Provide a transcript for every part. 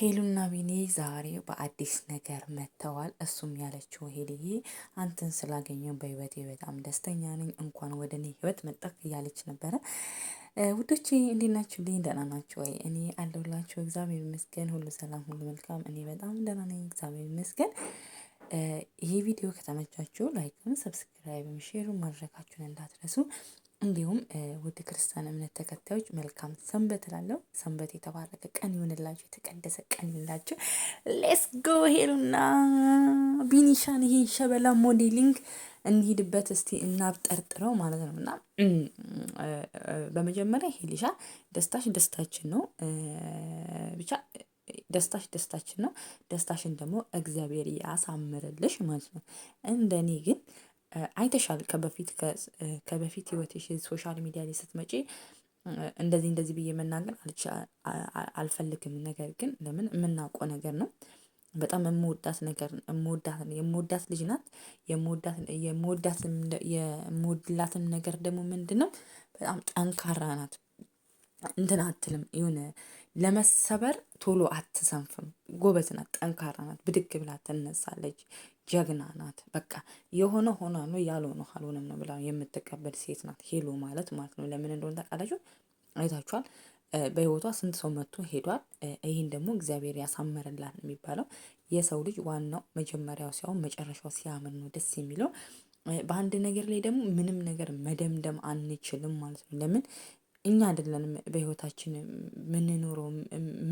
ሄሉና ቢኒ ዛሬ በአዲስ ነገር መጥተዋል። እሱም ያለችው ሄልዬ አንተን ስላገኘው በህይወቴ በጣም ደስተኛ ነኝ፣ እንኳን ወደ እኔ ህይወት መጣህ እያለች ነበረ። ውዶች እንዴት ናችሁልኝ? ደህና ናችሁ ወይ? እኔ አለሁላችሁ። እግዚአብሔር ይመስገን፣ ሁሉ ሰላም፣ ሁሉ መልካም። እኔ በጣም ደህና ነኝ፣ እግዚአብሔር ይመስገን። ይሄ ቪዲዮ ከተመቻችሁ ላይክም፣ ሰብስክራይብም፣ ሼሩ ማድረጋችሁን እንዳትረሱ። እንዲሁም ውድ ክርስቲያን እምነት ተከታዮች መልካም ሰንበት እላለሁ። ሰንበት የተባረከ ቀን ይሆንላችሁ፣ የተቀደሰ ቀን ይሆንላችሁ። ሌስ ጎ ሄሉና ቢኒሻን ይሄ ሸበላ ሞዴሊንግ እንሂድበት እስቲ እናብጠርጥረው ማለት ነው። እና በመጀመሪያ ሄሊሻ ደስታሽ ደስታችን ነው ብቻ ደስታሽ ደስታችን ነው። ደስታሽን ደግሞ እግዚአብሔር ያሳምርልሽ ማለት ነው። እንደኔ ግን አይተሻል። ከበፊት ከበፊት ህይወትሽ ሶሻል ሚዲያ ላይ ስትመጪ እንደዚህ እንደዚህ ብዬ መናገር አልፈልግም። ነገር ግን ለምን የምናውቀው ነገር ነው። በጣም የምወዳት ነገር የምወዳት የምወዳት ልጅ ናት። የምወዳት የምወድላትም ነገር ደግሞ ምንድን ነው በጣም ጠንካራ ናት። እንትን አትልም የሆነ ለመሰበር ቶሎ አትሰንፍም። ጎበዝ ናት፣ ጠንካራ ናት። ብድግ ብላ ትነሳለች። ጀግና ናት። በቃ የሆነ ሆና ነው ያልሆነ አልሆነም ነው ብላ የምትቀበል ሴት ናት ሄሉ ማለት ማለት ነው። ለምን እንደሆነ ታውቃላችሁ፣ አይታችኋል። በህይወቷ ስንት ሰው መጥቶ ሄዷል። ይህን ደግሞ እግዚአብሔር ያሳመረላት ነው የሚባለው። የሰው ልጅ ዋናው መጀመሪያው ሲያውን መጨረሻው ሲያምር ነው ደስ የሚለው። በአንድ ነገር ላይ ደግሞ ምንም ነገር መደምደም አንችልም ማለት ነው። ለምን እኛ አይደለንም በህይወታችን ምንኖረው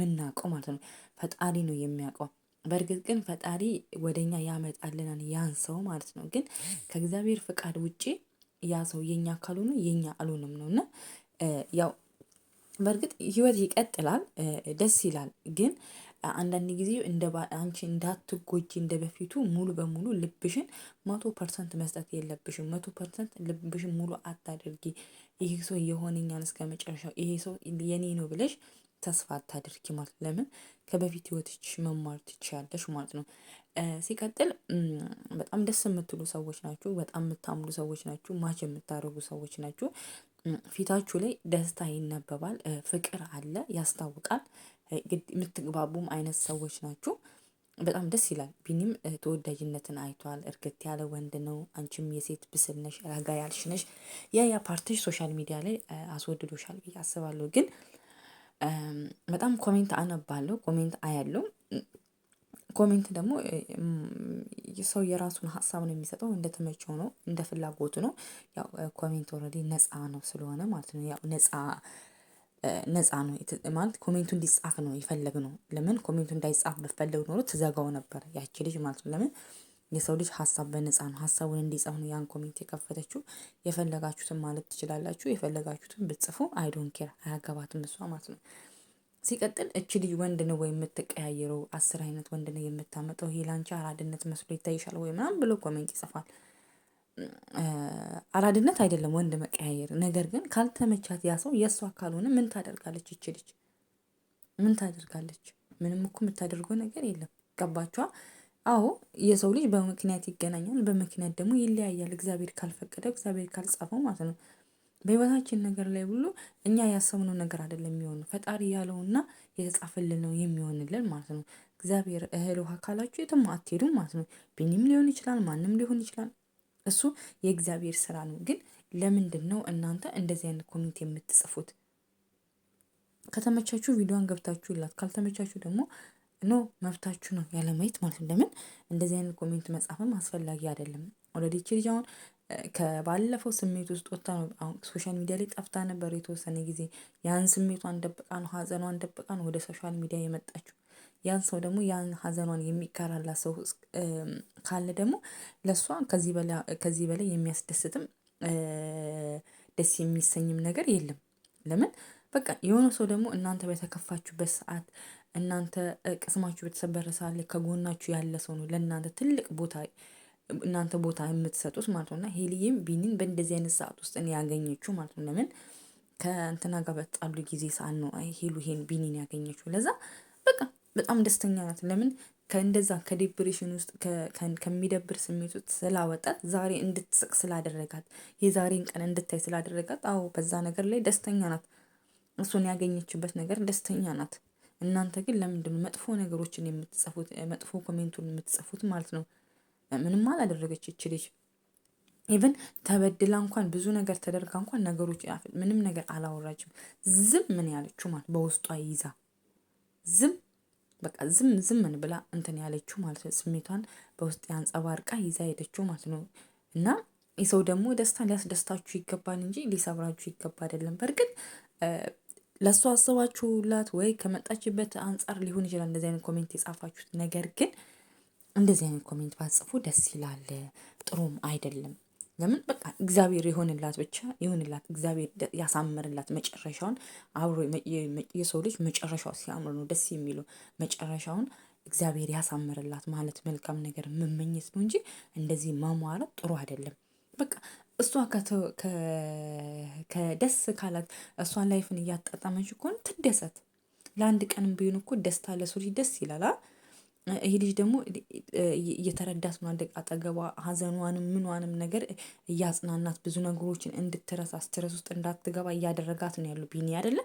ምናውቀው ማለት ነው። ፈጣሪ ነው የሚያውቀው። በእርግጥ ግን ፈጣሪ ወደኛ ያመጣልናል ያን ሰው ማለት ነው። ግን ከእግዚአብሔር ፍቃድ ውጪ ያ ሰው የኛ ካልሆነ የኛ አልሆነም ነው። እና ያው በእርግጥ ህይወት ይቀጥላል ደስ ይላል። ግን አንዳንድ ጊዜ እንደ አንቺ እንዳትጎጂ እንደ በፊቱ ሙሉ በሙሉ ልብሽን መቶ ፐርሰንት መስጠት የለብሽም። መቶ ፐርሰንት ልብሽን ሙሉ አታድርጊ። ይሄ ሰው የሆነኛል መጨረሻው ይሄ ሰው የኔ ነው ብለሽ ተስፋ አታድርጊ ማለት ለምን ከበፊት ህይወትሽ መማር ትችያለሽ ማለት ነው። ሲቀጥል በጣም ደስ የምትሉ ሰዎች ናችሁ። በጣም የምታምሩ ሰዎች ናችሁ። ማች የምታደርጉ ሰዎች ናችሁ። ፊታችሁ ላይ ደስታ ይነበባል። ፍቅር አለ ያስታውቃል። የምትግባቡም አይነት ሰዎች ናችሁ። በጣም ደስ ይላል። ቢኒም ተወዳጅነትን አይቷል። እርግት ያለ ወንድ ነው። አንቺም የሴት ብስል ነሽ፣ ረጋ ያልሽ ነሽ። ያ ያ ፓርትሽ ሶሻል ሚዲያ ላይ አስወድዶሻል ብዬ አስባለሁ ግን በጣም ኮሜንት አነባለሁ ኮሜንት አያለሁ። ኮሜንት ደግሞ ሰው የራሱን ሀሳብ ነው የሚሰጠው እንደተመቸው ነው እንደ ፍላጎቱ ነው። ያው ኮሜንት ኦሬዲ ነፃ ነው ስለሆነ ማለት ነው ያው ነፃ ነፃ ነው ማለት ኮሜንቱ እንዲጻፍ ነው ነው። ለምን ኮሜንቱ እንዳይጻፍ ብፈልግ ኖሮ ትዘጋው ነበር ያቺ ልጅ ማለት ነው። ለምን የሰው ልጅ ሀሳብ በነፃ ነው። ሀሳቡን እንዲጻፍ ነው ያን ኮሜንት የከፈተችው። የፈለጋችሁትን ማለት ትችላላችሁ። የፈለጋችሁትን ብትጽፉ አይዶን ኬር አያገባትም እሷ ማለት ነው። ሲቀጥል እች ልጅ ወንድ ነው ወይ የምትቀያየረው? አስር አይነት ወንድ ነው የምታመጠው? ይሄ ላንቺ አራድነት መስሎ ይታይሻል ወይ ምናምን ብሎ ኮሜንት ይጽፋል። አራድነት አይደለም ወንድ መቀያየር። ነገር ግን ካልተመቻት ያ ሰው የእሷ ካልሆነ ምን ታደርጋለች? እች ልጅ ምን ታደርጋለች? ምንም እኮ የምታደርገው ነገር የለም። ገባችኋ? አዎ የሰው ልጅ በምክንያት ይገናኛል በምክንያት ደግሞ ይለያያል እግዚአብሔር ካልፈቀደ እግዚአብሔር ካልጻፈው ማለት ነው። በህይወታችን ነገር ላይ ሁሉ እኛ ያሰብነው ነገር አይደለም የሚሆነው ፈጣሪ ያለውና የተጻፈልን ነው የሚሆንልን ማለት ነው። እግዚአብሔር እህል ውሃ ካላችሁ የትም አትሄዱም ማለት ነው። ቢኒም ሊሆን ይችላል ማንም ሊሆን ይችላል። እሱ የእግዚአብሔር ስራ ነው። ግን ለምንድነው እናንተ እንደዚህ አይነት ኮሚኒቲ የምትጽፉት? ከተመቻችሁ ቪዲዮን ገብታችሁ ካልተመቻችሁ ደግሞ ኖ መብታችሁ ነው ያለማየት ማለት ነው። ለምን እንደዚህ አይነት ኮሜንት መጻፍም አስፈላጊ አይደለም። ኦልሬዲ ይቺ ልጅ አሁን ከባለፈው ስሜት ውስጥ ወጥታ ነው አሁን ሶሻል ሚዲያ ላይ ጠፍታ ነበር የተወሰነ ጊዜ። ያን ስሜቷን ደብቃ ነው ሀዘኗን ደብቃ ነው ወደ ሶሻል ሚዲያ የመጣችው። ያን ሰው ደግሞ ያን ሀዘኗን የሚጋራላት ሰው ካለ ደግሞ ለእሷ ከዚህ በላይ የሚያስደስትም ደስ የሚሰኝም ነገር የለም። ለምን በቃ የሆነ ሰው ደግሞ እናንተ በተከፋችሁበት ሰዓት እናንተ ቅስማችሁ በተሰበረ ሰዓት ላይ ከጎናችሁ ያለ ሰው ነው ለእናንተ ትልቅ ቦታ እናንተ ቦታ የምትሰጡት ማለት ነው። እና ሄሊም ቢኒን በእንደዚህ አይነት ሰዓት ውስጥ ነው ያገኘችው ማለት ነው። ለምን ከእንትና ጋር በጣሉ ጊዜ ሰዓት ነው ሄሉ ይሄን ቢኒን ያገኘችው። ለዛ በቃ በጣም ደስተኛ ናት። ለምን ከእንደዛ ከዲፕሬሽን ውስጥ ከሚደብር ስሜት ውስጥ ስላወጣት ዛሬ እንድትስቅ ስላደረጋት የዛሬን ቀን እንድታይ ስላደረጋት፣ አዎ በዛ ነገር ላይ ደስተኛ ናት። እሱን ያገኘችበት ነገር ደስተኛ ናት። እናንተ ግን ነው መጥፎ ነገሮችን የምትጽፉት? መጥፎ ኮሜንቱን የምትጽፉት ማለት ነው። ምንም አላደረገች ይቺ ልጅ። ኢቭን ተበድላ እንኳን ብዙ ነገር ተደርጋ እንኳን ነገሮች ምንም ነገር አላወራችም። ዝም ምን ያለችው ማለት በውስጧ ይዛ ዝም በቃ ዝም ዝም ምን ብላ እንትን ያለችው ማለት ነው። ስሜቷን በውስጥ ያንጸባርቃ ይዛ ሄደችው ማለት ነው። እና የሰው ደግሞ ደስታ ሊያስደስታችሁ ይገባል እንጂ ሊሰብራችሁ ይገባ አይደለም። በእርግጥ ለእሷ አስባችሁላት ወይ ከመጣችበት አንጻር ሊሆን ይችላል እንደዚህ አይነት ኮሜንት የጻፋችሁት። ነገር ግን እንደዚህ አይነት ኮሜንት ባጽፉ ደስ ይላል፣ ጥሩም አይደለም። ለምን በቃ እግዚአብሔር የሆንላት ብቻ የሆንላት እግዚአብሔር ያሳምርላት መጨረሻውን። አብሮ የሰው ልጅ መጨረሻው ሲያምር ነው ደስ የሚለው። መጨረሻውን እግዚአብሔር ያሳምርላት ማለት መልካም ነገር መመኘት ነው እንጂ እንደዚህ መሟረት ጥሩ አይደለም። በቃ እሷ ከደስ ካላት እሷ ላይፍን እያጣጣመች እኮ ትደሰት። ለአንድ ቀንም ቢሆን እኮ ደስታ ለሰው ልጅ ደስ ይላል። ይህ ልጅ ደግሞ እየተረዳት ነው አደግ አጠገቧ ሀዘኗንም ምኗንም ነገር እያጽናናት ብዙ ነገሮችን እንድትረሳ ስትረስ ውስጥ እንዳትገባ እያደረጋት ነው ያሉ ቢኒ አይደለ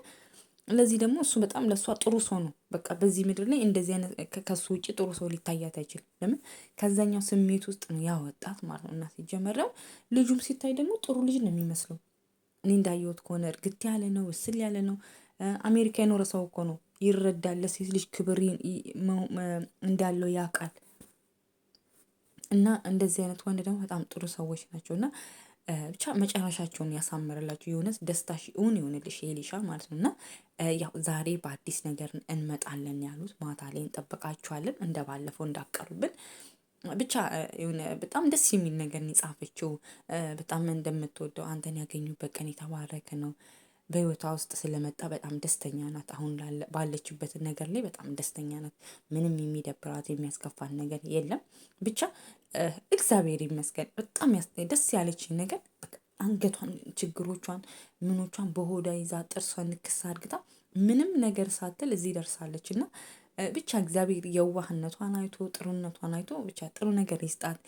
ለዚህ ደግሞ እሱ በጣም ለእሷ ጥሩ ሰው ነው። በቃ በዚህ ምድር ላይ እንደዚህ አይነት ከሱ ውጭ ጥሩ ሰው ሊታያት አይችልም። ለምን ከዛኛው ስሜት ውስጥ ነው ያወጣት ማለት ነው። እና ሲጀመር ልጁም ሲታይ ደግሞ ጥሩ ልጅ ነው የሚመስለው። እኔ እንዳየሁት ከሆነ እርግት ያለ ነው፣ እስል ያለ ነው። አሜሪካ የኖረ ሰው እኮ ነው። ይረዳል፣ ለሴት ልጅ ክብር እንዳለው ያውቃል። እና እንደዚህ አይነት ወንድ ደግሞ በጣም ጥሩ ሰዎች ናቸው እና ብቻ መጨረሻቸውን ያሳምርላችሁ። የሆነ ደስታሽ እውን ይሆንልሽ ኤሊሻ ማለት ነው። እና ያው ዛሬ በአዲስ ነገር እንመጣለን ያሉት ማታ ላይ እንጠብቃችኋለን። እንደ ባለፈው እንዳቀሩብን ብቻ የሆነ በጣም ደስ የሚል ነገር የጻፈችው በጣም እንደምትወደው አንተን ያገኙበት ቀን የተባረከ ነው በህይወቷ ውስጥ ስለመጣ በጣም ደስተኛ ናት። አሁን ባለችበት ነገር ላይ በጣም ደስተኛ ናት። ምንም የሚደብራት የሚያስከፋት ነገር የለም። ብቻ እግዚአብሔር ይመስገን በጣም ደስ ያለች ነገር አንገቷን፣ ችግሮቿን፣ ምኖቿን በሆዳ ይዛ ጥርሷን ንክስ አድግታ ምንም ነገር ሳትል እዚህ ደርሳለች እና ብቻ እግዚአብሔር የዋህነቷን አይቶ ጥሩነቷን አይቶ ብቻ ጥሩ ነገር ይስጣት።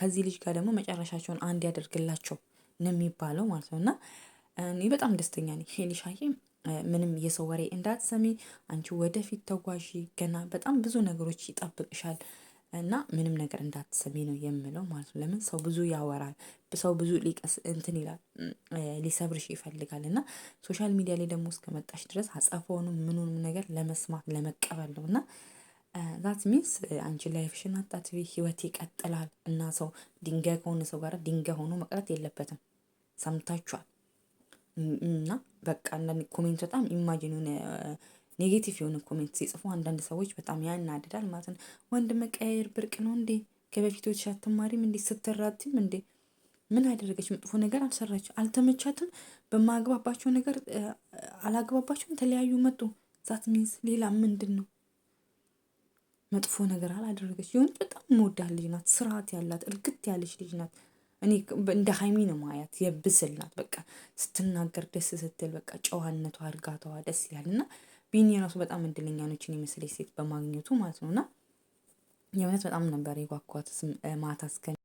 ከዚህ ልጅ ጋር ደግሞ መጨረሻቸውን አንድ ያደርግላቸው ነው የሚባለው ማለት ነው እና እኔ በጣም ደስተኛ ነኝ። ሄሊሻዬ ምንም የሰው ወሬ እንዳትሰሚ አንቺ ወደፊት ተጓዢ ገና በጣም ብዙ ነገሮች ይጠብቅሻል። እና ምንም ነገር እንዳትሰሚ ነው የምለው ማለት ነው። ለምን ሰው ብዙ ያወራል ሰው ብዙ ሊቀስ እንትን ይላል ሊሰብርሽ ይፈልጋል። እና ሶሻል ሚዲያ ላይ ደግሞ እስከመጣሽ ድረስ አጸፋውንም ምኑንም ነገር ለመስማት ለመቀበል ነው። እና ዛት ሚንስ አንቺ ላይፍሽን አጣትቢ ህይወት ይቀጥላል። እና ሰው ድንጋይ ከሆነ ሰው ጋር ድንጋይ ሆኖ መቅረት የለበትም። ሰምታችኋል እና በቃ አንዳንድ ኮሜንት በጣም ኢማጂን የሆነ ኔጌቲቭ የሆነ ኮሜንት ሲጽፉ አንዳንድ ሰዎች በጣም ያናድዳል ማለት ነው። ወንድ መቀያየር ብርቅ ነው እንዴ? ከበፊቶች አትማሪም እንዴ? ስትራቲም እንዴ? ምን አደረገች? መጥፎ ነገር አልሰራች፣ አልተመቻትም፣ በማግባባቸው ነገር አላግባባቸውም፣ ተለያዩ፣ መጡ። ዛት ሚንስ ሌላ ምንድን ነው? መጥፎ ነገር አላደረገች። የሆነ በጣም መወዳት ልጅ ናት። ስርዓት ያላት እርግት ያለች ልጅ ናት። እኔ እንደ ሀይሚ ነው ማያት የብስልናት በቃ ስትናገር ደስ ስትል በቃ ጨዋነቷ፣ እርጋታዋ ደስ ይላል እና ቢኒ የራሱ በጣም እድለኛ ነችን የመሰለች ሴት በማግኘቱ ማለት ነው እና የእውነት በጣም ነበር የጓጓት ማታ እስከ